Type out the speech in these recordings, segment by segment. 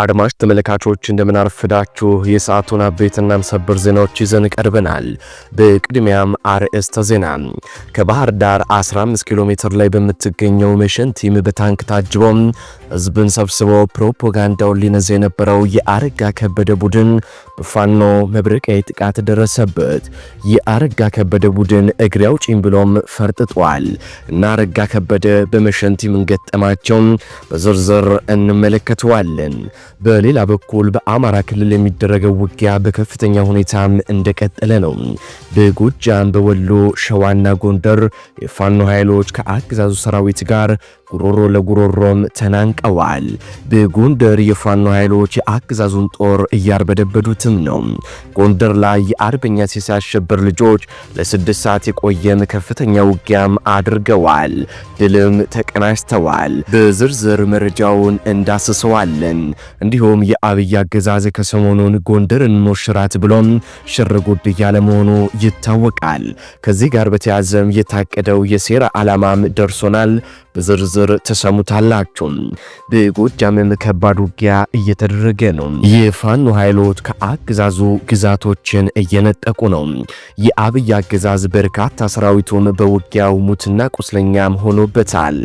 አድማጭ ተመልካቾች እንደምናርፍዳችሁ የሰዓቱን አበይትና ሰበር ዜናዎች ይዘን ቀርበናል። በቅድሚያም አርዕስተ ዜና። ከባህር ዳር 15 ኪሎ ሜትር ላይ በምትገኘው ቲም በታንክ ታጅቦ ህዝብን ሰብስቦ ፕሮፓጋንዳውን ሊነዛ የነበረው የአረጋ ከበደ ቡድን በፋኖ መብረቃዊ ጥቃት ደረሰበት። የአረጋ ከበደ ቡድን እግሬ አውጪኝ ብሎም ፈርጥጧል እና አረጋ ከበደ በመሸንቲም እንገጠማቸው በዝርዝር እንመለከተዋለን። በሌላ በኩል በአማራ ክልል የሚደረገው ውጊያ በከፍተኛ ሁኔታም እንደቀጠለ ነው። በጎጃም፣ በወሎ፣ ሸዋና ጎንደር የፋኖ ኃይሎች ከአገዛዙ ሰራዊት ጋር ጉሮሮ ለጉሮሮም ተናንቀዋል። በጎንደር የፋኖ ኃይሎች የአገዛዙን ጦር እያርበደበዱትም ነው። ጎንደር ላይ የአርበኛ ሲሳይ ልጆች ለስድስት ሰዓት የቆየም ከፍተኛ ውጊያም አድርገዋል። ድልም ተቀናጅተዋል። በዝርዝር መረጃውን እንዳስሰዋለን። እንዲሁም የአብይ አገዛዝ ከሰሞኑን ጎንደርን ሞሽራት ብሎም ሽርጉድ እያለ መሆኑ ይታወቃል። ከዚህ ጋር በተያዘም የታቀደው የሴራ ዓላማም ደርሶናል። በዝርዝር በዝርዝር ተሰሙታላችሁ። በጎጃምም ከባድ ውጊያ እየተደረገ ነው። የፋኖ ኃይሎች ከአገዛዙ ግዛቶችን እየነጠቁ ነው። የአብይ አገዛዝ በርካታ ሰራዊቱም በውጊያው ሙትና ቁስለኛም ሆኖበታል።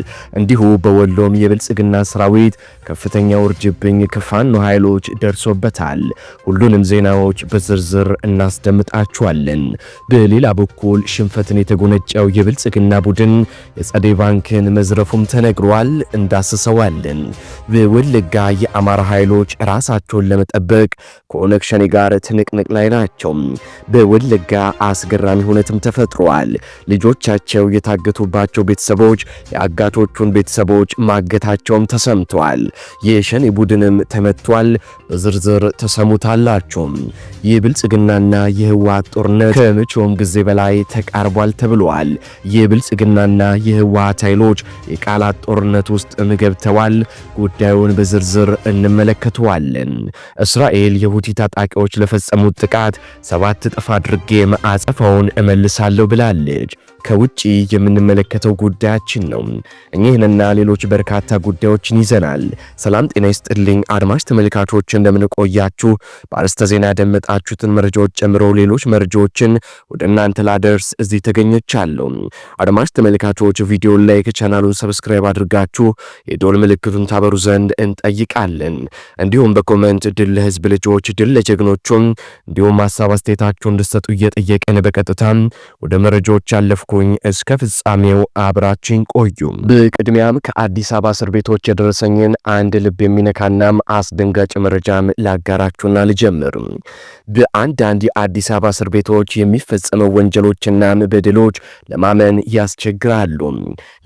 እንዲሁ በወሎም የብልጽግና ሰራዊት ከፍተኛ ውርጅብኝ ከፋኖ ኃይሎች ደርሶበታል። ሁሉንም ዜናዎች በዝርዝር እናስደምጣችኋለን። በሌላ በኩል ሽንፈትን የተጎነጨው የብልጽግና ቡድን የጸደይ ባንክን መዝረፉም ተነ ተነግሯል። እንዳስሰዋለን። በወለጋ የአማራ ኃይሎች ራሳቸውን ለመጠበቅ ከኦነግ ሸኔ ጋር ትንቅንቅ ላይ ናቸው። በወለጋ አስገራሚ ሁነትም ተፈጥሯል። ልጆቻቸው የታገቱባቸው ቤተሰቦች የአጋቾቹን ቤተሰቦች ማገታቸውም ተሰምቷል። የሸኔ ቡድንም ተመቷል። በዝርዝር ተሰሙታላችሁ። የብልጽግናና የህወሓት ጦርነት ከመቼውም ጊዜ በላይ ተቃርቧል ተብሏል። የብልጽግናና የህወሓት ኃይሎች የቃላት የቃላት ጦርነት ውስጥ ገብተዋል። ጉዳዩን በዝርዝር እንመለከተዋለን። እስራኤል የሁቲ ታጣቂዎች ለፈጸሙት ጥቃት ሰባት እጥፍ አድርጌ መአጸፋውን እመልሳለሁ ብላለች። ከውጪ የምንመለከተው ጉዳያችን ነው። እኚህንና ሌሎች በርካታ ጉዳዮችን ይዘናል። ሰላም ጤና ይስጥልኝ አድማጭ ተመልካቾች እንደምንቆያችሁ፣ በአርዕስተ ዜና ያደመጣችሁትን መረጃዎች ጨምሮ ሌሎች መረጃዎችን ወደ እናንተ ላደርስ እዚህ ተገኝቻለሁ። አድማጭ ተመልካቾች ቪዲዮን ላይክ፣ ቻናሉን ሰብስክራይብ ሰብስክራይብ አድርጋችሁ የዶል ምልክቱን ታበሩ ዘንድ እንጠይቃለን። እንዲሁም በኮመንት ድል ለህዝብ ልጆች፣ ድል ለጀግኖቹም እንዲሁም ሀሳብ አስተያየታችሁ እንድሰጡ እየጠየቅን በቀጥታ ወደ መረጃዎች ያለፍኩኝ እስከ ፍጻሜው አብራችን ቆዩ። በቅድሚያም ከአዲስ አበባ እስር ቤቶች የደረሰኝን አንድ ልብ የሚነካናም አስደንጋጭ መረጃም ላጋራችሁና ልጀምር። በአንዳንድ የአዲስ አበባ እስር ቤቶች የሚፈጸመው ወንጀሎችና በደሎች ለማመን ያስቸግራሉ።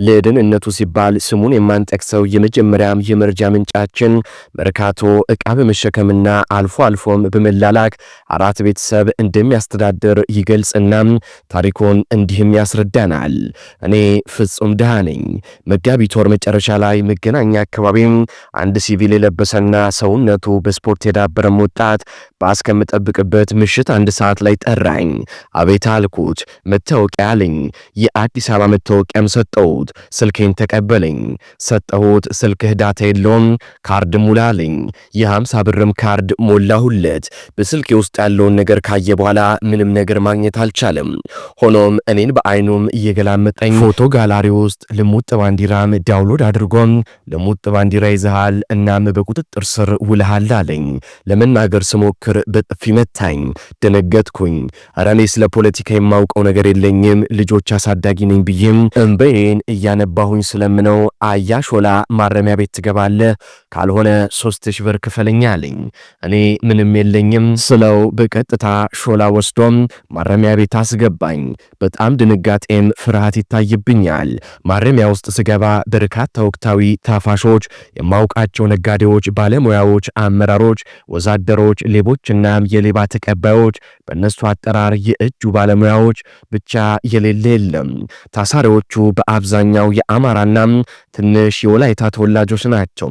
ለደህንነቱ ሲባል በመባል ስሙን የማንጠቅሰው የመጀመሪያም የመረጃ ምንጫችን መርካቶ እቃ በመሸከምና አልፎ አልፎም በመላላክ አራት ቤተሰብ እንደሚያስተዳድር ይገልጽና ታሪኩን እንዲህም ያስረዳናል። እኔ ፍጹም ድሃ ነኝ። መጋቢት ወር መጨረሻ ላይ መገናኛ አካባቢም አንድ ሲቪል የለበሰና ሰውነቱ በስፖርት የዳበረም ወጣት ባስከምጠብቅበት ምሽት አንድ ሰዓት ላይ ጠራኝ። አቤት አልኩት። መታወቂያ አለኝ። የአዲስ አበባ መታወቂያም ሰጠሁት። ስልኬን ተቀበ ተቀበለኝ። ሰጠሁት። ስልክህ ዳታ የለውም ካርድ ሙላልኝ። አለኝ። የሃምሳ ብርም ካርድ ሞላሁለት። በስልኬ ውስጥ ያለውን ነገር ካየ በኋላ ምንም ነገር ማግኘት አልቻለም። ሆኖም እኔን በአይኑም እየገላመጠኝ ፎቶ ጋላሪ ውስጥ ልሙጥ ባንዲራም ዳውንሎድ አድርጎም ልሙጥ ባንዲራ ይዘሃል፣ እናም በቁጥጥር ስር ውልሃል አለኝ። ለመናገር ስሞክር በጥፊ መታኝ። ደነገጥኩኝ። ኧረ እኔ ስለ ፖለቲካ የማውቀው ነገር የለኝም ልጆች አሳዳጊ ነኝ ብዬም እንበዬን እያነባሁኝ ስለም ሳሳምነው አያሾላ ማረሚያ ቤት ትገባለህ፣ ካልሆነ ሶስት ሺህ ብር ክፈለኛ አለኝ። እኔ ምንም የለኝም ስለው በቀጥታ ሾላ ወስዶም ማረሚያ ቤት አስገባኝ። በጣም ድንጋጤም ፍርሃት ይታይብኛል። ማረሚያ ውስጥ ስገባ በርካታ ወቅታዊ ታፋሾች፣ የማውቃቸው ነጋዴዎች፣ ባለሙያዎች፣ አመራሮች፣ ወዛደሮች፣ ሌቦችና የሌባ ተቀባዮች በእነሱ አጠራር የእጁ ባለሙያዎች ብቻ የሌለ የለም። ታሳሪዎቹ በአብዛኛው የአማራና ሰላም ትንሽ የወላይታ ተወላጆች ናቸው።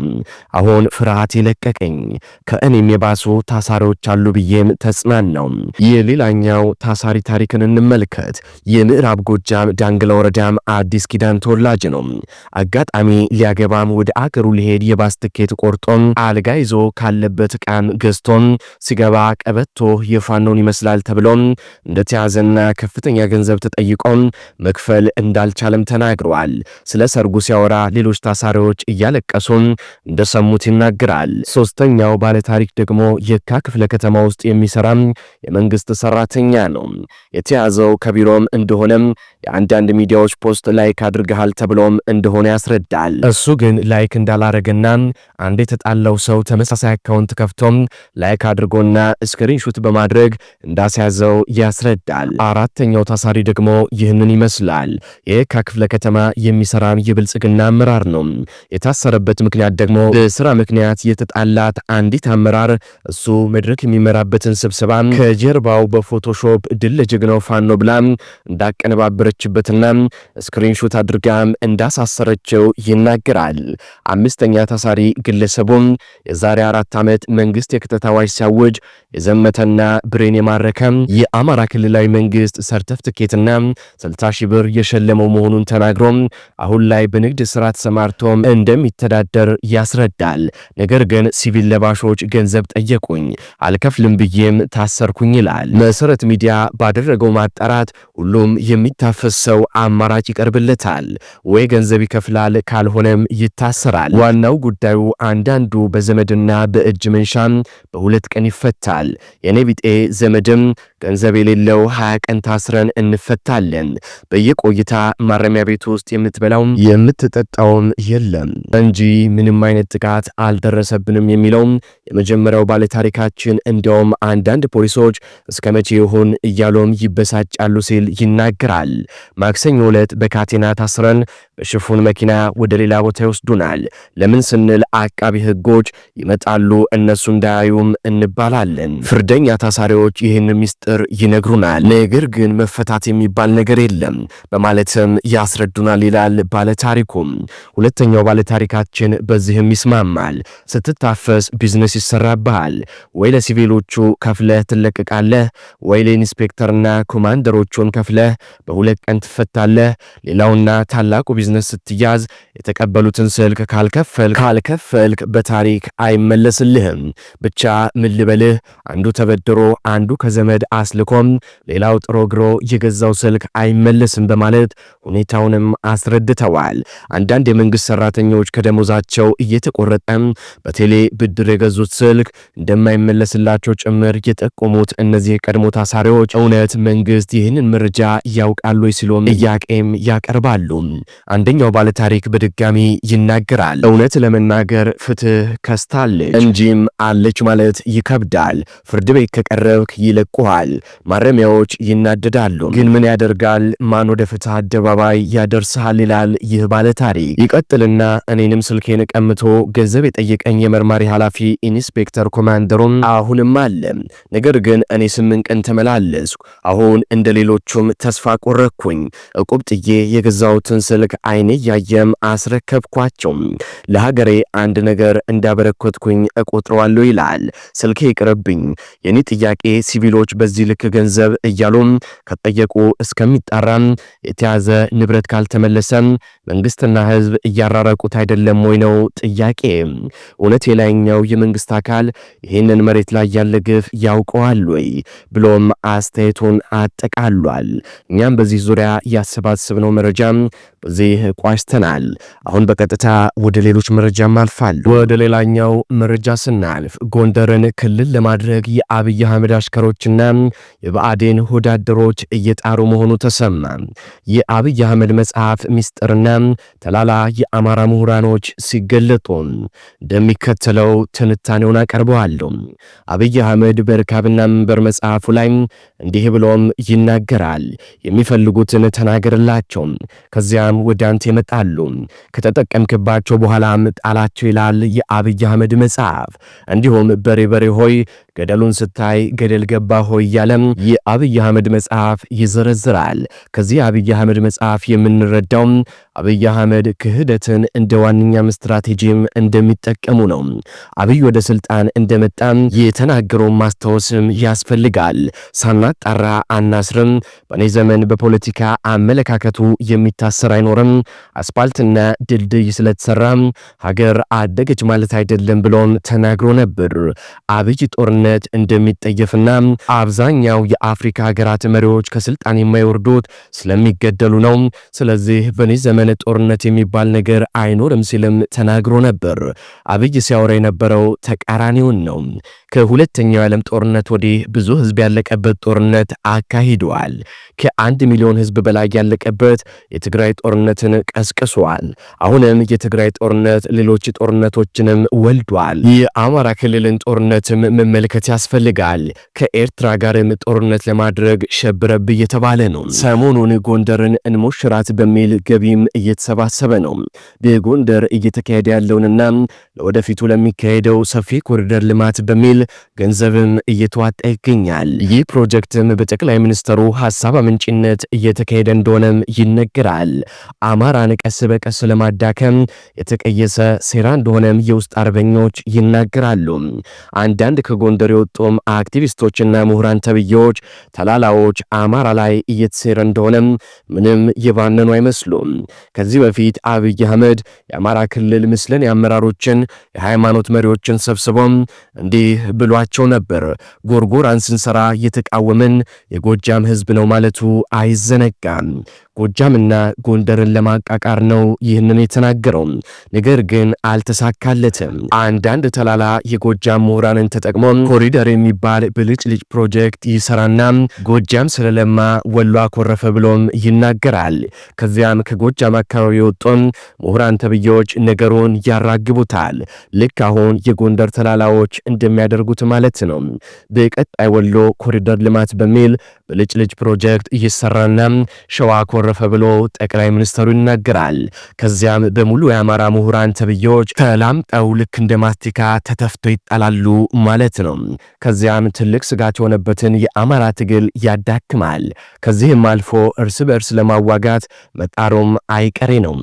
አሁን ፍርሃት የለቀቀኝ ከእኔም የባሱ ታሳሪዎች አሉ ብዬም ተጽናናው። የሌላኛው ታሳሪ ታሪክን እንመልከት። የምዕራብ ጎጃም ዳንግላ ወረዳም አዲስ ኪዳን ተወላጅ ነው። አጋጣሚ ሊያገባም ወደ አገሩ ሊሄድ የባስ ትኬት ቆርጦም አልጋ ይዞ ካለበት ዕቃም ገዝቶም ሲገባ ቀበቶ የፋኖን ይመስላል ተብሎም እንደተያዘና ከፍተኛ ገንዘብ ተጠይቆም መክፈል እንዳልቻለም ተናግረዋል። ስለ ሰርጉ ሲያወራ ሌሎች ታሳሪዎች እያለቀሱም እንደሰሙት ይናገራል። ሶስተኛው ባለታሪክ ደግሞ የካ ክፍለ ከተማ ውስጥ የሚሰራም የመንግስት ሰራተኛ ነው። የተያዘው ከቢሮም እንደሆነም የአንዳንድ ሚዲያዎች ፖስት ላይክ አድርገሃል ተብሎም እንደሆነ ያስረዳል። እሱ ግን ላይክ እንዳላረገና አንድ የተጣለው ሰው ተመሳሳይ አካውንት ከፍቶም ላይክ አድርጎና ስክሪንሹት በማድረግ እንዳስያዘው ያስረዳል። አራተኛው ታሳሪ ደግሞ ይህንን ይመስላል። የካ ክፍለ ከተማ የሚሰራም የብልጽ የብልጽግና አመራር ነው። የታሰረበት ምክንያት ደግሞ በስራ ምክንያት የተጣላት አንዲት አመራር እሱ መድረክ የሚመራበትን ስብሰባ ከጀርባው በፎቶሾፕ ድል ለጀግናው ፋኖ ብላ እንዳቀነባበረችበትና ስክሪንሾት አድርጋ እንዳሳሰረችው ይናገራል። አምስተኛ ታሳሪ ግለሰቡም የዛሬ አራት ዓመት መንግስት የክተት አዋጅ ሲያውጅ የዘመተና ብሬን የማረከ የአማራ ክልላዊ መንግስት ሰርተፍትኬትና 60 ሺህ ብር የሸለመው መሆኑን ተናግሮ አሁን ላይ በ በንግድ ስራ ተሰማርቶም እንደሚተዳደር ያስረዳል። ነገር ግን ሲቪል ለባሾች ገንዘብ ጠየቁኝ፣ አልከፍልም ብዬም ታሰርኩኝ ይላል። መሰረት ሚዲያ ባደረገው ማጣራት ሁሉም የሚታፈስ ሰው አማራጭ ይቀርብለታል። ወይ ገንዘብ ይከፍላል፣ ካልሆነም ይታሰራል። ዋናው ጉዳዩ አንዳንዱ በዘመድና በእጅ መንሻም በሁለት ቀን ይፈታል። የኔ ቢጤ ዘመድም ገንዘብ የሌለው ሀያ ቀን ታስረን እንፈታለን። በየቆይታ ማረሚያ ቤት ውስጥ የምትበላውም የምትጠጣውም የለም እንጂ ምንም አይነት ጥቃት አልደረሰብንም የሚለውም የመጀመሪያው ባለታሪካችን። እንዲያውም አንዳንድ ፖሊሶች እስከ መቼ ይሆን እያሉም ይበሳጫሉ ሲል ይናገራል። ማክሰኞ ዕለት በካቴና ታስረን በሽፉን መኪና ወደ ሌላ ቦታ ይወስዱናል። ለምን ስንል አቃቢ ህጎች ይመጣሉ እነሱ እንዳያዩም እንባላለን። ፍርደኛ ታሳሪዎች ይህን ምስጢር ይነግሩናል። ነገር ግን መፈታት የሚባል ነገር የለም በማለትም ያስረዱናል ይላል ባለታሪኩም። ሁለተኛው ባለታሪካችን በዚህም ይስማማል። ስትታፈስ ቢዝነስ ይሰራብሃል። ወይ ለሲቪሎቹ ከፍለህ ትለቀቃለህ፣ ወይ ለኢንስፔክተርና ኮማንደሮቹን ተከፍለህ በሁለት ቀን ትፈታለህ። ሌላውና ታላቁ ቢዝነስ ስትያዝ የተቀበሉትን ስልክ ካልከፈልክ ካልከፈልክ በታሪክ አይመለስልህም። ብቻ ምን ልበልህ፣ አንዱ ተበድሮ አንዱ ከዘመድ አስልኮም ሌላው ጥሮ ግሮ የገዛው ስልክ አይመለስም በማለት ሁኔታውንም አስረድተዋል። አንዳንድ የመንግስት ሰራተኞች ከደሞዛቸው እየተቆረጠም በቴሌ ብድር የገዙት ስልክ እንደማይመለስላቸው ጭምር የጠቆሙት እነዚህ የቀድሞ ታሳሪዎች እውነት መንግስት ይህንን ምር መረጃ ያውቃሉ ሲሉም ጥያቄም ያቀርባሉ። አንደኛው ባለታሪክ በድጋሚ ይናገራል። እውነት ለመናገር ፍትህ ከስታለች እንጂም አለች ማለት ይከብዳል። ፍርድ ቤት ከቀረብክ ይለቁሃል፣ ማረሚያዎች ይናደዳሉ። ግን ምን ያደርጋል ማን ወደ ፍትህ አደባባይ ያደርስሃል ይላል ይህ ባለታሪክ ይቀጥልና እኔንም ስልኬን ቀምቶ ገንዘብ የጠየቀኝ የመርማሪ ኃላፊ ኢንስፔክተር ኮማንደሩም አሁንም አለ። ነገር ግን እኔ ስምንት ቀን ተመላለስኩ። አሁን እንደ ሌሎቹ በመሆናቸውም ተስፋ ቆረኩኝ። እቁብ ጥዬ የገዛሁትን ስልክ አይኔ እያየም አስረከብኳቸው። ለሀገሬ አንድ ነገር እንዳበረከትኩኝ እቆጥረዋለሁ ይላል። ስልኬ ይቅርብኝ። የኔ ጥያቄ ሲቪሎች በዚህ ልክ ገንዘብ እያሉም ከጠየቁ እስከሚጣራም የተያዘ ንብረት ካልተመለሰም መንግስትና ህዝብ እያራረቁት አይደለም ወይ ነው ጥያቄ። እውነት የላይኛው የመንግስት አካል ይህንን መሬት ላይ ያለ ግፍ ያውቀዋል ወይ ብሎም አስተያየቱን አጠቃሏል። ተናግረዋል። እኛም በዚህ ዙሪያ ያሰባሰብነው መረጃ በዚህ ቋጭተናል። አሁን በቀጥታ ወደ ሌሎች መረጃ አልፋል። ወደ ሌላኛው መረጃ ስናልፍ ጎንደርን ክልል ለማድረግ የአብይ አህመድ አሽከሮችና የብአዴን ወዳደሮች እየጣሩ መሆኑ ተሰማ። የአብይ አህመድ መጽሐፍ ሚስጥርና ተላላ የአማራ ምሁራኖች ሲገለጡ እንደሚከተለው ትንታኔውን አቀርበዋለሁ። አብይ አህመድ በርካብና መንበር መጽሐፉ ላይ እንዲህ ብሎም ይናገራል። ይላል። የሚፈልጉትን ተናገርላቸው፣ ከዚያም ወደ አንተ ይመጣሉ። ከተጠቀምክባቸው በኋላም ጣላቸው ይላል የአብይ አህመድ መጽሐፍ። እንዲሁም በሬ በሬ ሆይ ገደሉን ስታይ ገደል ገባ ሆይ እያለም የአብይ አህመድ መጽሐፍ ይዘረዝራል። ከዚህ አብይ አህመድ መጽሐፍ የምንረዳው አብይ አህመድ ክህደትን እንደ ዋነኛም ስትራቴጂም እንደሚጠቀሙ ነው። አብይ ወደ ስልጣን እንደመጣም የተናገረውን ማስታወስም ያስፈልጋል። ሳናጣራ አናስርም፣ በእኔ ዘመን በፖለቲካ አመለካከቱ የሚታሰር አይኖርም፣ አስፓልትና ድልድይ ስለተሰራ ሀገር አደገች ማለት አይደለም ብሎም ተናግሮ ነበር። አብይ ጦርነት ኃላፊነት እንደሚጠየፍና አብዛኛው የአፍሪካ ሀገራት መሪዎች ከስልጣን የማይወርዱት ስለሚገደሉ ነው። ስለዚህ በኔ ዘመን ጦርነት የሚባል ነገር አይኖርም ሲልም ተናግሮ ነበር። አብይ ሲያወራ የነበረው ተቃራኒውን ነው። ከሁለተኛው የዓለም ጦርነት ወዲህ ብዙ ህዝብ ያለቀበት ጦርነት አካሂደዋል። ከአንድ ሚሊዮን ህዝብ በላይ ያለቀበት የትግራይ ጦርነትን ቀስቅሷል። አሁንም የትግራይ ጦርነት ሌሎች ጦርነቶችንም ወልዷል። የአማራ ክልልን ጦርነትም መመልከት ማመልከት ያስፈልጋል። ከኤርትራ ጋርም ጦርነት ለማድረግ ሸብረብ እየተባለ ነው። ሰሞኑን ጎንደርን እንሞሽራት በሚል ገቢም እየተሰባሰበ ነው። በጎንደር እየተካሄደ ያለውንና ለወደፊቱ ለሚካሄደው ሰፊ ኮሪደር ልማት በሚል ገንዘብም እየተዋጣ ይገኛል። ይህ ፕሮጀክትም በጠቅላይ ሚኒስትሩ ሀሳብ አመንጪነት እየተካሄደ እንደሆነም ይነገራል። አማራን ቀስ በቀስ ለማዳከም የተቀየሰ ሴራ እንደሆነም የውስጥ አርበኞች ይናገራሉ። አንዳንድ ከጎንደር ከድር የወጡም አክቲቪስቶችና ምሁራን ተብዬዎች ተላላዎች አማራ ላይ እየተሴረ እንደሆነ ምንም የባነኑ አይመስሉም። ከዚህ በፊት አብይ አህመድ የአማራ ክልል ምስለን የአመራሮችን የሃይማኖት መሪዎችን ሰብስቦም እንዲህ ብሏቸው ነበር። ጎርጎራን ስንሰራ የተቃወምን የጎጃም ህዝብ ነው ማለቱ አይዘነጋም። ጎጃምና ጎንደርን ለማቃቃር ነው ይህንን የተናገረው። ነገር ግን አልተሳካለትም። አንዳንድ ተላላ የጎጃም ምሁራንን ተጠቅሞ ኮሪደር የሚባል ብልጭልጭ ፕሮጀክት ይሰራና ጎጃም ስለለማ ወሎ አኮረፈ ብሎም ይናገራል። ከዚያም ከጎጃም አካባቢ የወጡን ምሁራን ተብዬዎች ነገሩን ያራግቡታል። ልክ አሁን የጎንደር ተላላዎች እንደሚያደርጉት ማለት ነው። በቀጣይ ወሎ ኮሪደር ልማት በሚል ብልጭልጭ ፕሮጀክት እየሰራና ሸዋ አኮረፈ ብሎ ጠቅላይ ሚኒስተሩ ይናገራል። ከዚያም በሙሉ የአማራ ምሁራን ተብዬዎች ተላምጠው ልክ እንደ ማስቲካ ተተፍቶ ይጣላሉ ማለት ነው። ከዚያም ትልቅ ስጋት የሆነበትን የአማራ ትግል ያዳክማል። ከዚህም አልፎ እርስ በእርስ ለማዋጋት መጣሮም አይቀሬ ነው።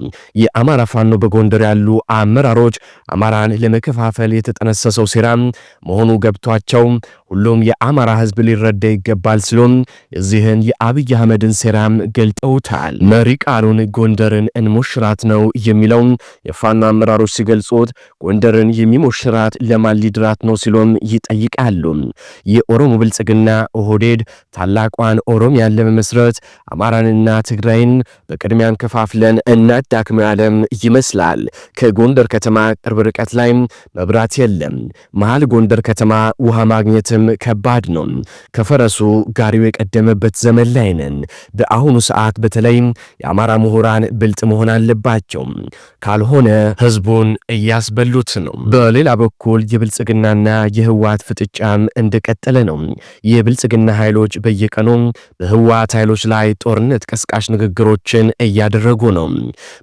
የአማራ ፋኖ በጎንደር ያሉ አመራሮች አማራን ለመከፋፈል የተጠነሰሰው ሴራ መሆኑ ገብቷቸው ሁሉም የአማራ ህዝብ ሊረዳ ይገባል ሲሉም የዚህን የአብይ አህመድን ሴራም ገልጠውታል። መሪ ቃሉን ጎንደርን እንሞሽራት ነው የሚለው የፋኖ አመራሮች ሲገልጹት ጎንደርን የሚሞሽራት ለማን ሊድራት ነው ሲሉም ይጠይቃሉ። የኦሮሞ ብልጽግና ኦህዴድ ታላቋን ኦሮሚያን ለመመስረት አማራንና ትግራይን በቅድሚያን ከፋፍለን እናዳክመ ዓለም ይመስላል። ከጎንደር ከተማ ቅርብ ርቀት ላይ መብራት የለም። መሃል ጎንደር ከተማ ውሃ ማግኘትም መጠቀም ከባድ ነው። ከፈረሱ ጋሪው የቀደመበት ዘመን ላይ ነን። በአሁኑ ሰዓት በተለይም የአማራ ምሁራን ብልጥ መሆን አለባቸው፣ ካልሆነ ህዝቡን እያስበሉት ነው። በሌላ በኩል የብልጽግናና የህወሓት ፍጥጫም እንደቀጠለ ነው። የብልጽግና ኃይሎች በየቀኑ በህወሓት ኃይሎች ላይ ጦርነት ቀስቃሽ ንግግሮችን እያደረጉ ነው።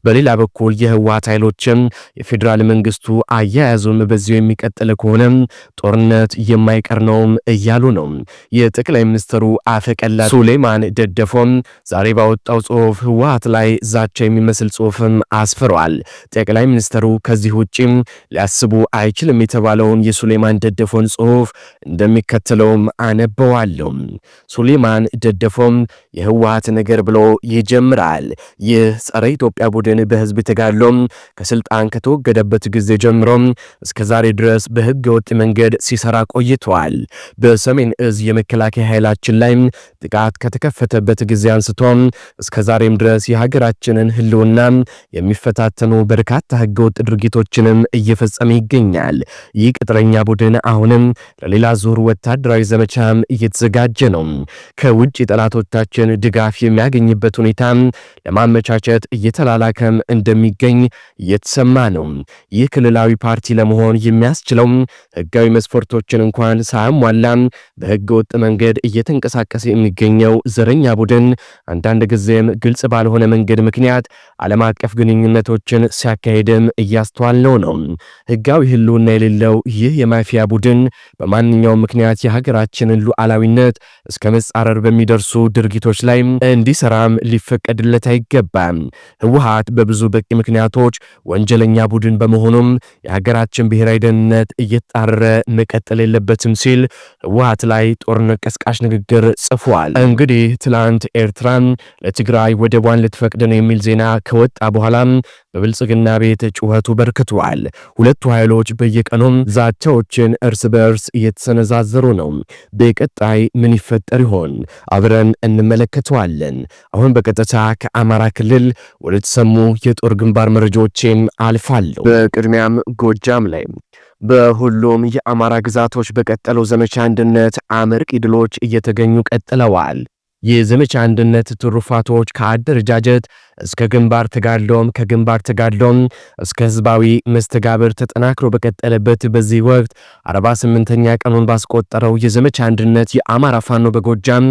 በሌላ በኩል የህወሓት ኃይሎችም የፌዴራል መንግስቱ አያያዙም በዚሁ የሚቀጥል ከሆነ ጦርነት የማይቀር ነው አይደለም እያሉ ነው። የጠቅላይ ሚኒስትሩ አፈቀላ ሱሌማን ደደፎም ዛሬ ባወጣው ጽሁፍ ህወሀት ላይ ዛቻ የሚመስል ጽሁፍም አስፍረዋል። ጠቅላይ ሚኒስትሩ ከዚህ ውጪም ሊያስቡ አይችልም የተባለውን የሱሌማን ደደፎን ጽሁፍ እንደሚከተለውም አነበዋለሁ። ሱሌማን ደደፎም የህወሀት ነገር ብሎ ይጀምራል። ይህ ጸረ ኢትዮጵያ ቡድን በህዝብ ተጋድሎም ከስልጣን ከተወገደበት ጊዜ ጀምሮም እስከዛሬ ድረስ በህገ ወጥ መንገድ ሲሰራ ቆይተዋል። በሰሜን እዝ የመከላከያ ኃይላችን ላይ ጥቃት ከተከፈተበት ጊዜ አንስቶ እስከ ዛሬም ድረስ የሀገራችንን ህልውና የሚፈታተኑ በርካታ ህገወጥ ድርጊቶችንም እየፈጸመ ይገኛል። ይህ ቅጥረኛ ቡድን አሁንም ለሌላ ዙር ወታደራዊ ዘመቻም እየተዘጋጀ ነው። ከውጭ ጠላቶቻችን ድጋፍ የሚያገኝበት ሁኔታ ለማመቻቸት እየተላላከም እንደሚገኝ እየተሰማ ነው። ይህ ክልላዊ ፓርቲ ለመሆን የሚያስችለው ህጋዊ መስፈርቶችን እንኳን ሳያሟ ሳያሟላ በህገ ወጥ መንገድ እየተንቀሳቀሰ የሚገኘው ዘረኛ ቡድን አንዳንድ ጊዜም ግልጽ ባልሆነ መንገድ ምክንያት ዓለም አቀፍ ግንኙነቶችን ሲያካሄድም እያስተዋለው ነው። ህጋዊ ህልውና የሌለው ይህ የማፊያ ቡድን በማንኛውም ምክንያት የሀገራችንን ሉዓላዊነት እስከ መጻረር በሚደርሱ ድርጊቶች ላይ እንዲሰራም ሊፈቀድለት አይገባም። ህወሓት በብዙ በቂ ምክንያቶች ወንጀለኛ ቡድን በመሆኑም የሀገራችን ብሔራዊ ደህንነት እየተጣረረ መቀጠል የለበትም ሲል ህወሓት ላይ ጦርነት ቀስቃሽ ንግግር ጽፏል። እንግዲህ ትላንት ኤርትራን ለትግራይ ወደቧን ልትፈቅድ ነው የሚል ዜና ከወጣ በኋላም በብልጽግና ቤት ጩኸቱ በርክቷል። ሁለቱ ኃይሎች በየቀኑም ዛቻዎችን እርስ በእርስ እየተሰነዛዘሩ ነው። በቀጣይ ምን ይፈጠር ይሆን? አብረን እንመለከተዋለን። አሁን በቀጥታ ከአማራ ክልል ወደተሰሙ የጦር ግንባር መረጃዎችም አልፋለሁ። በቅድሚያም ጎጃም ላይ በሁሉም የአማራ ግዛቶች በቀጠለው ዘመቻ አንድነት አመርቂ ድሎች እየተገኙ ቀጥለዋል። የዘመቻ አንድነት ትሩፋቶች ከአደረጃጀት እስከ ግንባር ተጋድሎም ከግንባር ተጋድሎም እስከ ህዝባዊ መስተጋብር ተጠናክሮ በቀጠለበት በዚህ ወቅት 48ኛ ቀኑን ባስቆጠረው የዘመቻ አንድነት የአማራ ፋኖ በጎጃም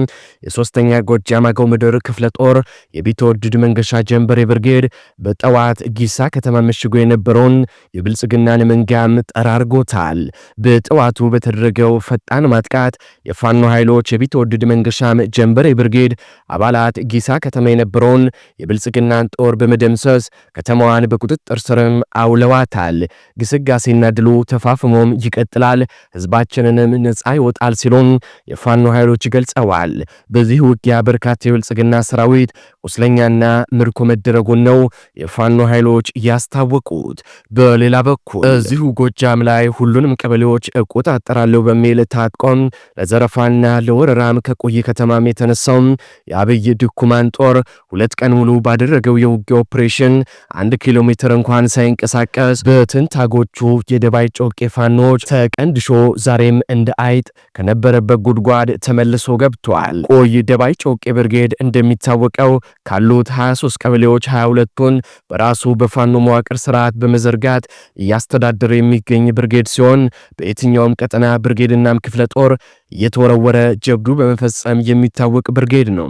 የሶስተኛ ጎጃም አገው ምድር ክፍለ ጦር የቢትወደድ መንገሻ ጀንበሬ ብርጌድ በጠዋት ጊሳ ከተማ መሽጎ የነበረውን የብልጽግናን መንጋም ጠራርጎታል። በጠዋቱ በተደረገው ፈጣን ማጥቃት የፋኖ ኃይሎች የቢትወደድ መንገሻም ጀንበሬ ብርጌድ አባላት ጊሳ ከተማ የነበረውን የብልጽግ የብልጽግናን ጦር በመደምሰስ ከተማዋን በቁጥጥር ስርም አውለዋታል። ግስጋሴና ድሉ ተፋፍሞም ይቀጥላል፣ ህዝባችንንም ነፃ ይወጣል ሲሉም የፋኖ ኃይሎች ገልጸዋል። በዚህ ውጊያ በርካታ የብልጽግና ሰራዊት ቁስለኛና ምርኮ መደረጉን ነው የፋኖ ኃይሎች ያስታወቁት። በሌላ በኩል እዚሁ ጎጃም ላይ ሁሉንም ቀበሌዎች እቆጣጠራለሁ በሚል ታጥቆም ለዘረፋና ለወረራም ከቆየ ከተማም የተነሳውም የአብይ ድኩማን ጦር ሁለት ቀን ሙሉ ባደረገው የውጊያ ኦፕሬሽን አንድ ኪሎ ሜትር እንኳን ሳይንቀሳቀስ በትንታጎቹ የደባይ ጮቄ ፋኖች ተቀንድሾ ዛሬም እንደ አይጥ ከነበረበት ጉድጓድ ተመልሶ ገብቷል። ቆይ ደባይ ጮቄ ብርጌድ እንደሚታወቀው ካሉት 23 ቀበሌዎች 22ቱን በራሱ በፋኖ መዋቅር ስርዓት በመዘርጋት እያስተዳደረ የሚገኝ ብርጌድ ሲሆን በየትኛውም ቀጠና ብርጌድናም ክፍለ ጦር የተወረወረ ጀብዱ በመፈጸም የሚታወቅ ብርጌድ ነው።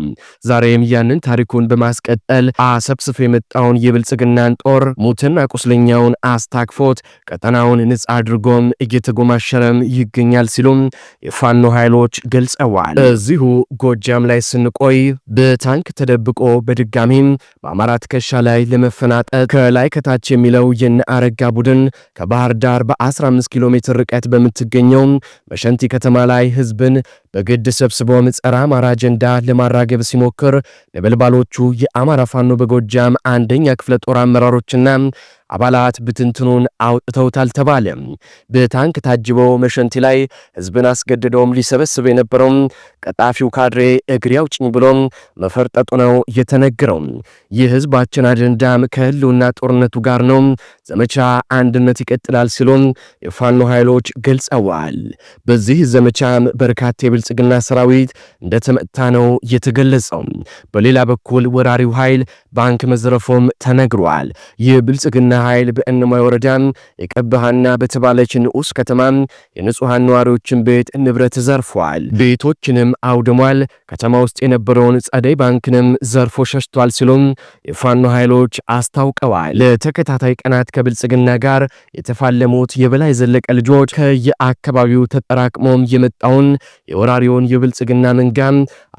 ዛሬም ያንን ታሪኩን በማስቀጠል አሰብስፎ የመጣውን የብልጽግናን ጦር ሙትና ቁስለኛውን አስታክፎት ቀጠናውን ንጻ አድርጎም እየተጎማሸረም ይገኛል ሲሉም የፋኖ ኃይሎች ገልጸዋል። እዚሁ ጎጃም ላይ ስንቆይ በታንክ ተደብቆ በድጋሚም በአማራ ትከሻ ላይ ለመፈናጠጥ ከላይ ከታች የሚለው የነአረጋ ቡድን ከባህር ዳር በ15 ኪሎ ሜትር ርቀት በምትገኘው መሸንቲ ከተማ ላይ ህዝብን በግድ ሰብስቦ ጸረ አማራ አጀንዳ ለማራገብ ሲሞክር ነበልባሎቹ የአማራ ፋኖ በጎጃም አንደኛ ክፍለ ጦር አመራሮችና አባላት ብትንትኑን አውጥተውታል ተባለ። በታንክ ታጅበው መሸንቲ ላይ ህዝብን አስገድደውም ሊሰበስብ የነበረውም ቀጣፊው ካድሬ እግሬ አውጭኝ ብሎም መፈርጠጡ ነው የተነገረው። ይህ አጀንዳም ከህልውና ጦርነቱ ጋር ነው፣ ዘመቻ አንድነት ይቀጥላል ሲሉም የፋኖ ኃይሎች ገልጸዋል። በዚህ ዘመቻም በርካታ የብልጽግና ሰራዊት እንደተመታ ነው የተገለጸው። በሌላ በኩል ወራሪው ኃይል ባንክ መዘረፎም ተነግሯል። ይህ ብልጽግና ኃይል በእነማይ ወረዳን የቀብሃና በተባለች ንዑስ ከተማ የንጹሐን ነዋሪዎችን ቤት ንብረት ዘርፏል፣ ቤቶችንም አውድሟል። ከተማ ውስጥ የነበረውን ጸደይ ባንክንም ዘርፎ ሸሽቷል ሲሉም የፋኖ ኃይሎች አስታውቀዋል። ለተከታታይ ቀናት ከብልጽግና ጋር የተፋለሙት የበላይ ዘለቀ ልጆች ከየአካባቢው ተጠራቅሞም የመጣውን የወራሪውን የብልጽግና ምንጋ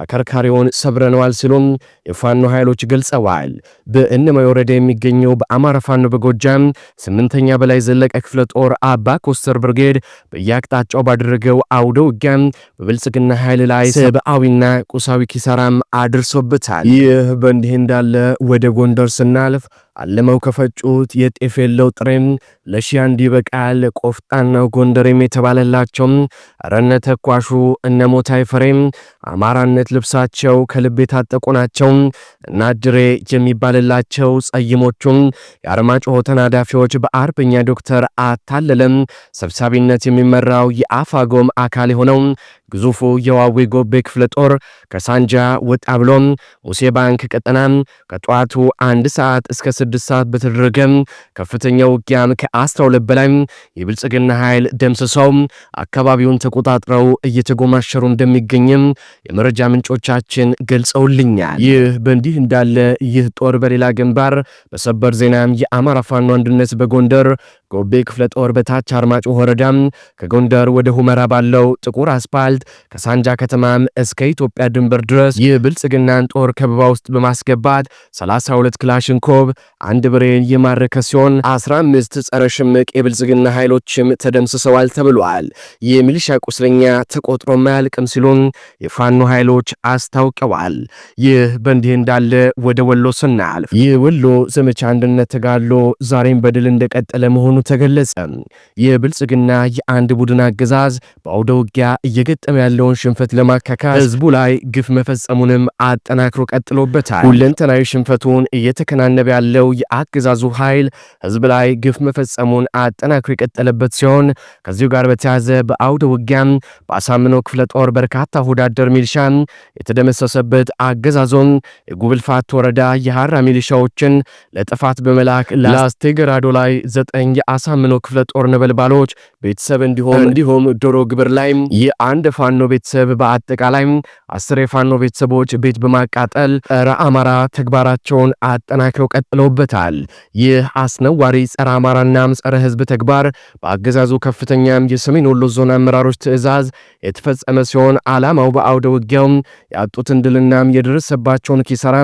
አከርካሪውን ሰብረነዋል ሲሉም የፋኖ ኃይሎች ገልጸዋል። በእነማይ ወረዳ የሚገኘው በአማራ ፋኖ በጎ ጎጃም ስምንተኛ በላይ ዘለቀ ክፍለ ጦር አባ ኮስተር ብርጌድ በየአቅጣጫው ባደረገው አውደ ውጊያ በብልጽግና ኃይል ላይ ሰብአዊና ቁሳዊ ኪሳራም አድርሶበታል። ይህ በእንዲህ እንዳለ ወደ ጎንደር ስናልፍ አልመው ከፈጩት የጤፍ የለው ጥሬም ለሺህ አንድ ይበቃል። ቆፍጣናው ጎንደሬም የተባለላቸውም ረነ ተኳሹ እነ ሞታይ ፈሬም አማራነት ልብሳቸው ከልብ የታጠቁ ናቸው። እናድሬ የሚባልላቸው ጸይሞቹም የአርማጭሆ ተናዳፊዎች በአርበኛ ዶክተር አታለለም ሰብሳቢነት የሚመራው የአፋጎም አካል የሆነው ግዙፉ የዋዌ ጎቤ ክፍለ ጦር ከሳንጃ ወጣ ብሎም ሙሴ ባንክ ቀጠናም ከጠዋቱ አንድ ሰዓት እስከ ስድስት ሰዓት በተደረገ ከፍተኛ ውጊያም ከአስታውለት በላይ የብልጽግና ኃይል ደምስሰው አካባቢውን ተቆጣጥረው እየተጎማሸሩ እንደሚገኝም የመረጃ ምንጮቻችን ገልጸውልኛል። ይህ በእንዲህ እንዳለ ይህ ጦር በሌላ ግንባር በሰበር ዜናም የአማራ ፋኖ አንድነት በጎንደር ጎቤ ክፍለ ጦር በታች አርማጮ ወረዳ ከጎንደር ወደ ሁመራ ባለው ጥቁር አስፓልት ከሳንጃ ከተማም እስከ ኢትዮጵያ ድንበር ድረስ የብልጽግናን ጦር ከበባ ውስጥ በማስገባት 32 ክላሽንኮቭ አንድ ብሬን የማረከ ሲሆን 15 ጸረ ሽምቅ የብልጽግና ኃይሎችም ተደምስሰዋል ተብሏል። የሚሊሻ ቁስለኛ ተቆጥሮ ማያልቅም ሲሉም የፋኖ ኃይሎች አስታውቀዋል። ይህ በእንዲህ እንዳለ ወደ ወሎ ስናልፍ የወሎ ዘመቻ አንድነት ተጋድሎ ዛሬም በድል እንደቀጠለ መሆኑ መሆኑ ተገለጸ። የብልጽግና የአንድ ቡድን አገዛዝ በአውደ ውጊያ እየገጠመ ያለውን ሽንፈት ለማካካስ ህዝቡ ላይ ግፍ መፈጸሙንም አጠናክሮ ቀጥሎበታል። ሁለንተናዊ ሽንፈቱን እየተከናነበ ያለው የአገዛዙ ኃይል ህዝብ ላይ ግፍ መፈጸሙን አጠናክሮ የቀጠለበት ሲሆን ከዚሁ ጋር በተያያዘ በአውደ ውጊያም በአሳምነው ክፍለ ጦር በርካታ ሆዳደር ሚሊሻ የተደመሰሰበት አገዛዞን የጉብልፋት ወረዳ የሐራ ሚሊሻዎችን ለጥፋት በመላክ ላስቴገራዶ ላይ ዘጠኝ የአሳምነው ክፍለ ጦር ነበልባሎች ቤተሰብ እንዲሆን እንዲሁም ዶሮ ግብር ላይ የአንድ ፋኖ ቤተሰብ በአጠቃላይ አስር የፋኖ ቤተሰቦች ቤት በማቃጠል ጸረ አማራ ተግባራቸውን አጠናክረው ቀጥለውበታል። ይህ አስነዋሪ ጸረ አማራና ጸረ ሕዝብ ተግባር በአገዛዙ ከፍተኛ የሰሜን ወሎ ዞን አመራሮች ትዕዛዝ የተፈጸመ ሲሆን ዓላማው በአውደ ውጊያው ያጡትን ድልና የደረሰባቸውን ኪሳራ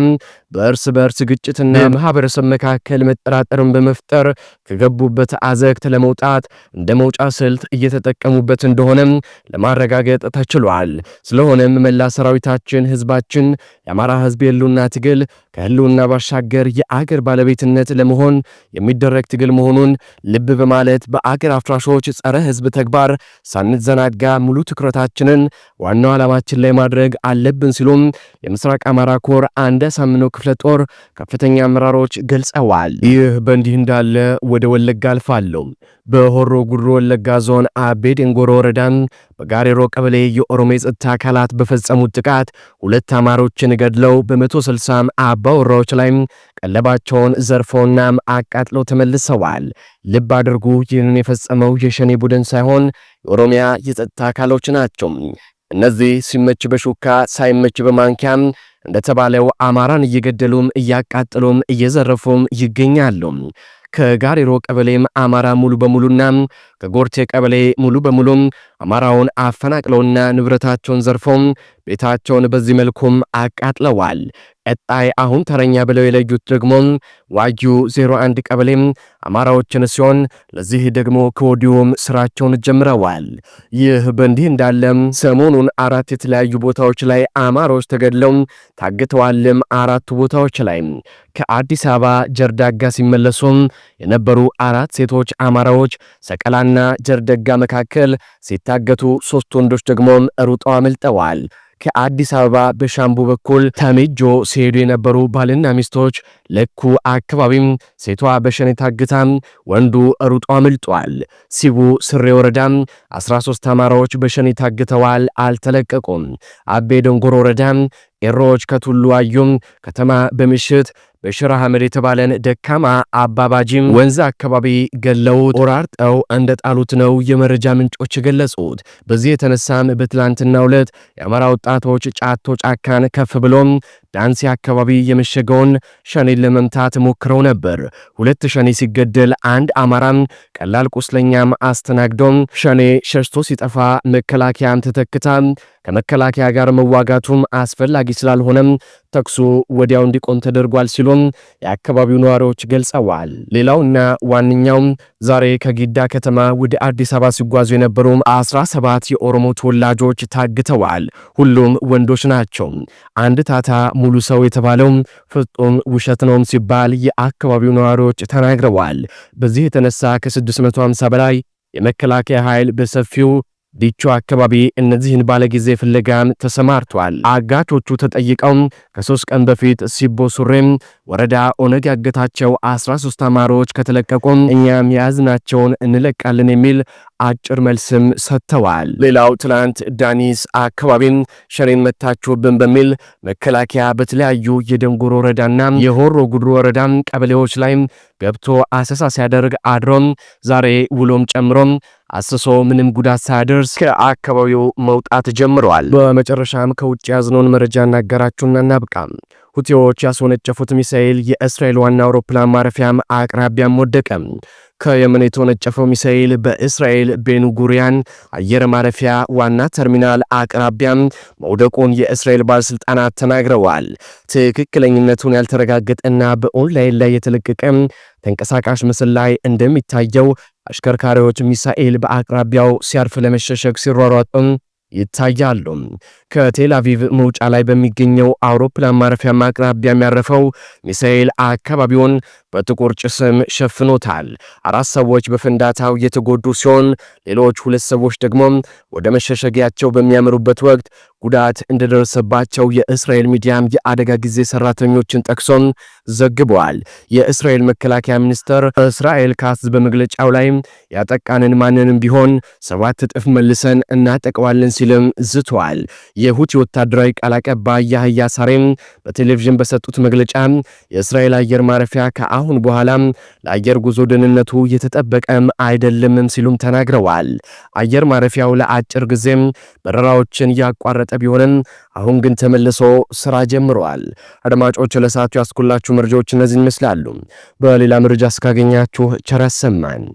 በእርስ በእርስ ግጭትና ማህበረሰብ መካከል መጠራጠርን በመፍጠር ከገቡበት አዘቅት ለመውጣት እንደ መውጫ ስልት እየተጠቀሙበት እንደሆነም ለማረጋገጥ ተችሏል። ስለሆነም መላ ሰራዊታችን፣ ህዝባችን የአማራ ህዝብ የህልውና ትግል ከህልውና ባሻገር የአገር ባለቤትነት ለመሆን የሚደረግ ትግል መሆኑን ልብ በማለት በአገር አፍራሾች ጸረ ህዝብ ተግባር ሳንዘናጋ ሙሉ ትኩረታችንን ዋናው ዓላማችን ላይ ማድረግ አለብን ሲሉም የምስራቅ አማራ ኮር አንደ ሳምነው ክፍለ ጦር ከፍተኛ አመራሮች ገልጸዋል። ይህ በእንዲህ እንዳለ ወደ ወለጋ አልፋለሁ። በሆሮ ጉድሮ ወለጋ ዞን አቤድ እንጎሮ ወረዳን በጋሬሮ ቀበሌ የኦሮሞ የጸጥታ አካላት በፈጸሙት ጥቃት ሁለት አማሮችን ገድለው በ160 አባወራዎች ላይ ቀለባቸውን ዘርፈውና አቃጥለው ተመልሰዋል። ልብ አድርጉ፣ ይህንን የፈጸመው የሸኔ ቡድን ሳይሆን የኦሮሚያ የጸጥታ አካሎች ናቸው። እነዚህ ሲመች በሹካ ሳይመች በማንኪያም እንደተባለው አማራን እየገደሉም እያቃጠሉም እየዘረፉም ይገኛሉ። ከጋሪሮ ቀበሌም አማራ ሙሉ በሙሉና ከጎርቼ ቀበሌ ሙሉ በሙሉም አማራውን አፈናቅለውና ንብረታቸውን ዘርፎም ቤታቸውን በዚህ መልኩም አቃጥለዋል። ቀጣይ አሁን ተረኛ ብለው የለዩት ደግሞ ዋዩ 01 ቀበሌም አማራዎችን ሲሆን ለዚህ ደግሞ ከወዲሁም ስራቸውን ጀምረዋል። ይህ በእንዲህ እንዳለም ሰሞኑን አራት የተለያዩ ቦታዎች ላይ አማራዎች ተገድለው ታግተዋልም። አራቱ ቦታዎች ላይ ከአዲስ አበባ ጀርዳጋ ሲመለሱ የነበሩ አራት ሴቶች አማራዎች ሰቀላና ጀርደጋ መካከል ሲታገቱ ሶስት ወንዶች ደግሞ ሩጠው አመልጠዋል። ከአዲስ አበባ በሻምቡ በኩል ተሚጆ ሲሄዱ የነበሩ ባልና ሚስቶች ለኩ አካባቢም ሴቷ በሸኔ ታግታም ወንዱ ሩጦ አምልጧል። ሲቡ ስሬ ወረዳም 13 አማራዎች በሸኔ ታግተዋል፣ አልተለቀቁም። አቤ ደንጎሮ ወረዳም ቄሮዎች ከቱሉ አዩም ከተማ በምሽት በሽራ ሐመድ የተባለን ደካማ አባባጂም ወንዝ አካባቢ ገለውት ወራርጠው እንደ ጣሉት ነው የመረጃ ምንጮች የገለጹት። በዚህ የተነሳም በትላንትናው ዕለት የአማራ ወጣቶች ጫቶ ጫካን ከፍ ብሎም ዳንሴ አካባቢ የመሸገውን ሸኔን ለመምታት ሞክረው ነበር። ሁለት ሸኔ ሲገደል አንድ አማራም ቀላል ቁስለኛም አስተናግዶም ሸኔ ሸሽቶ ሲጠፋ መከላከያም ተተክታ ከመከላከያ ጋር መዋጋቱም አስፈላጊ ስላልሆነም ተኩሱ ወዲያው እንዲቆም ተደርጓል ሲሉም የአካባቢው ነዋሪዎች ገልጸዋል። ሌላውና ዋነኛውም ዛሬ ከጊዳ ከተማ ወደ አዲስ አበባ ሲጓዙ የነበሩ 17 የኦሮሞ ተወላጆች ታግተዋል። ሁሉም ወንዶች ናቸው። አንድ ታታ ሙሉ ሰው የተባለው ፍጹም ውሸት ነውም ሲባል የአካባቢው ነዋሪዎች ተናግረዋል። በዚህ የተነሳ ከ650 በላይ የመከላከያ ኃይል በሰፊው ዲቾ አካባቢ እነዚህን ባለጊዜ ፍለጋም ተሰማርቷል። አጋቾቹ ተጠይቀው ከሶስት ቀን በፊት ሲቦ ሱሬም ወረዳ ኦነግ ያገታቸው 13 ተማሪዎች ከተለቀቁም እኛም የያዝናቸውን እንለቃለን የሚል አጭር መልስም ሰጥተዋል። ሌላው ትናንት ዳኒስ አካባቢን ሸሬን መታችሁብን በሚል መከላከያ በተለያዩ የደንጎሮ ወረዳና የሆሮ ጉድሮ ወረዳ ቀበሌዎች ላይም ገብቶ አሰሳ ሲያደርግ አድሮም ዛሬ ውሎም ጨምሮም አስሶ ምንም ጉዳት ሳያደርስ ከአካባቢው መውጣት ጀምረዋል። በመጨረሻም ከውጭ ያዝነውን መረጃ እናገራችሁና እናብቃም። ሁቲዎች ያስወነጨፉት ሚሳኤል የእስራኤል ዋና አውሮፕላን ማረፊያም አቅራቢያም ወደቀ። ከየመን የተወነጨፈው ሚሳኤል በእስራኤል ቤኑጉሪያን አየር ማረፊያ ዋና ተርሚናል አቅራቢያም መውደቁን የእስራኤል ባለሥልጣናት ተናግረዋል። ትክክለኝነቱን ያልተረጋገጠና በኦንላይን ላይ የተለቀቀ ተንቀሳቃሽ ምስል ላይ እንደሚታየው አሽከርካሪዎች ሚሳኤል በአቅራቢያው ሲያርፍ ለመሸሸግ ሲሯሯጡም ይታያሉ። ከቴላቪቭ መውጫ ላይ በሚገኘው አውሮፕላን ማረፊያ አቅራቢያ የሚያረፈው ሚሳኤል አካባቢውን በጥቁር ጭስም ሸፍኖታል። አራት ሰዎች በፍንዳታው የተጎዱ ሲሆን ሌሎች ሁለት ሰዎች ደግሞ ወደ መሸሸጊያቸው በሚያምሩበት ወቅት ጉዳት እንደደረሰባቸው የእስራኤል ሚዲያም የአደጋ ጊዜ ሰራተኞችን ጠቅሶን ዘግበዋል። የእስራኤል መከላከያ ሚኒስተር እስራኤል ካስ በመግለጫው ላይ ያጠቃንን ማንንም ቢሆን ሰባት እጥፍ መልሰን እናጠቀዋለን ሲልም ዝቷል። የሁቲ ወታደራዊ ቃል አቀባይ ያህያ ሳሬም በቴሌቪዥን በሰጡት መግለጫ የእስራኤል አየር ማረፊያ ከአሁን በኋላ ለአየር ጉዞ ደህንነቱ የተጠበቀም አይደለምም ሲሉም ተናግረዋል። አየር ማረፊያው ለአጭር ጊዜም በረራዎችን ያቋረጠ ቢሆንም አሁን ግን ተመልሶ ስራ ጀምረዋል። አድማጮች ለሰዓቱ ያስኩላችሁ መረጃዎች እነዚህን ይመስላሉ። በሌላ መረጃ እስካገኛችሁ ቸር ያሰማን።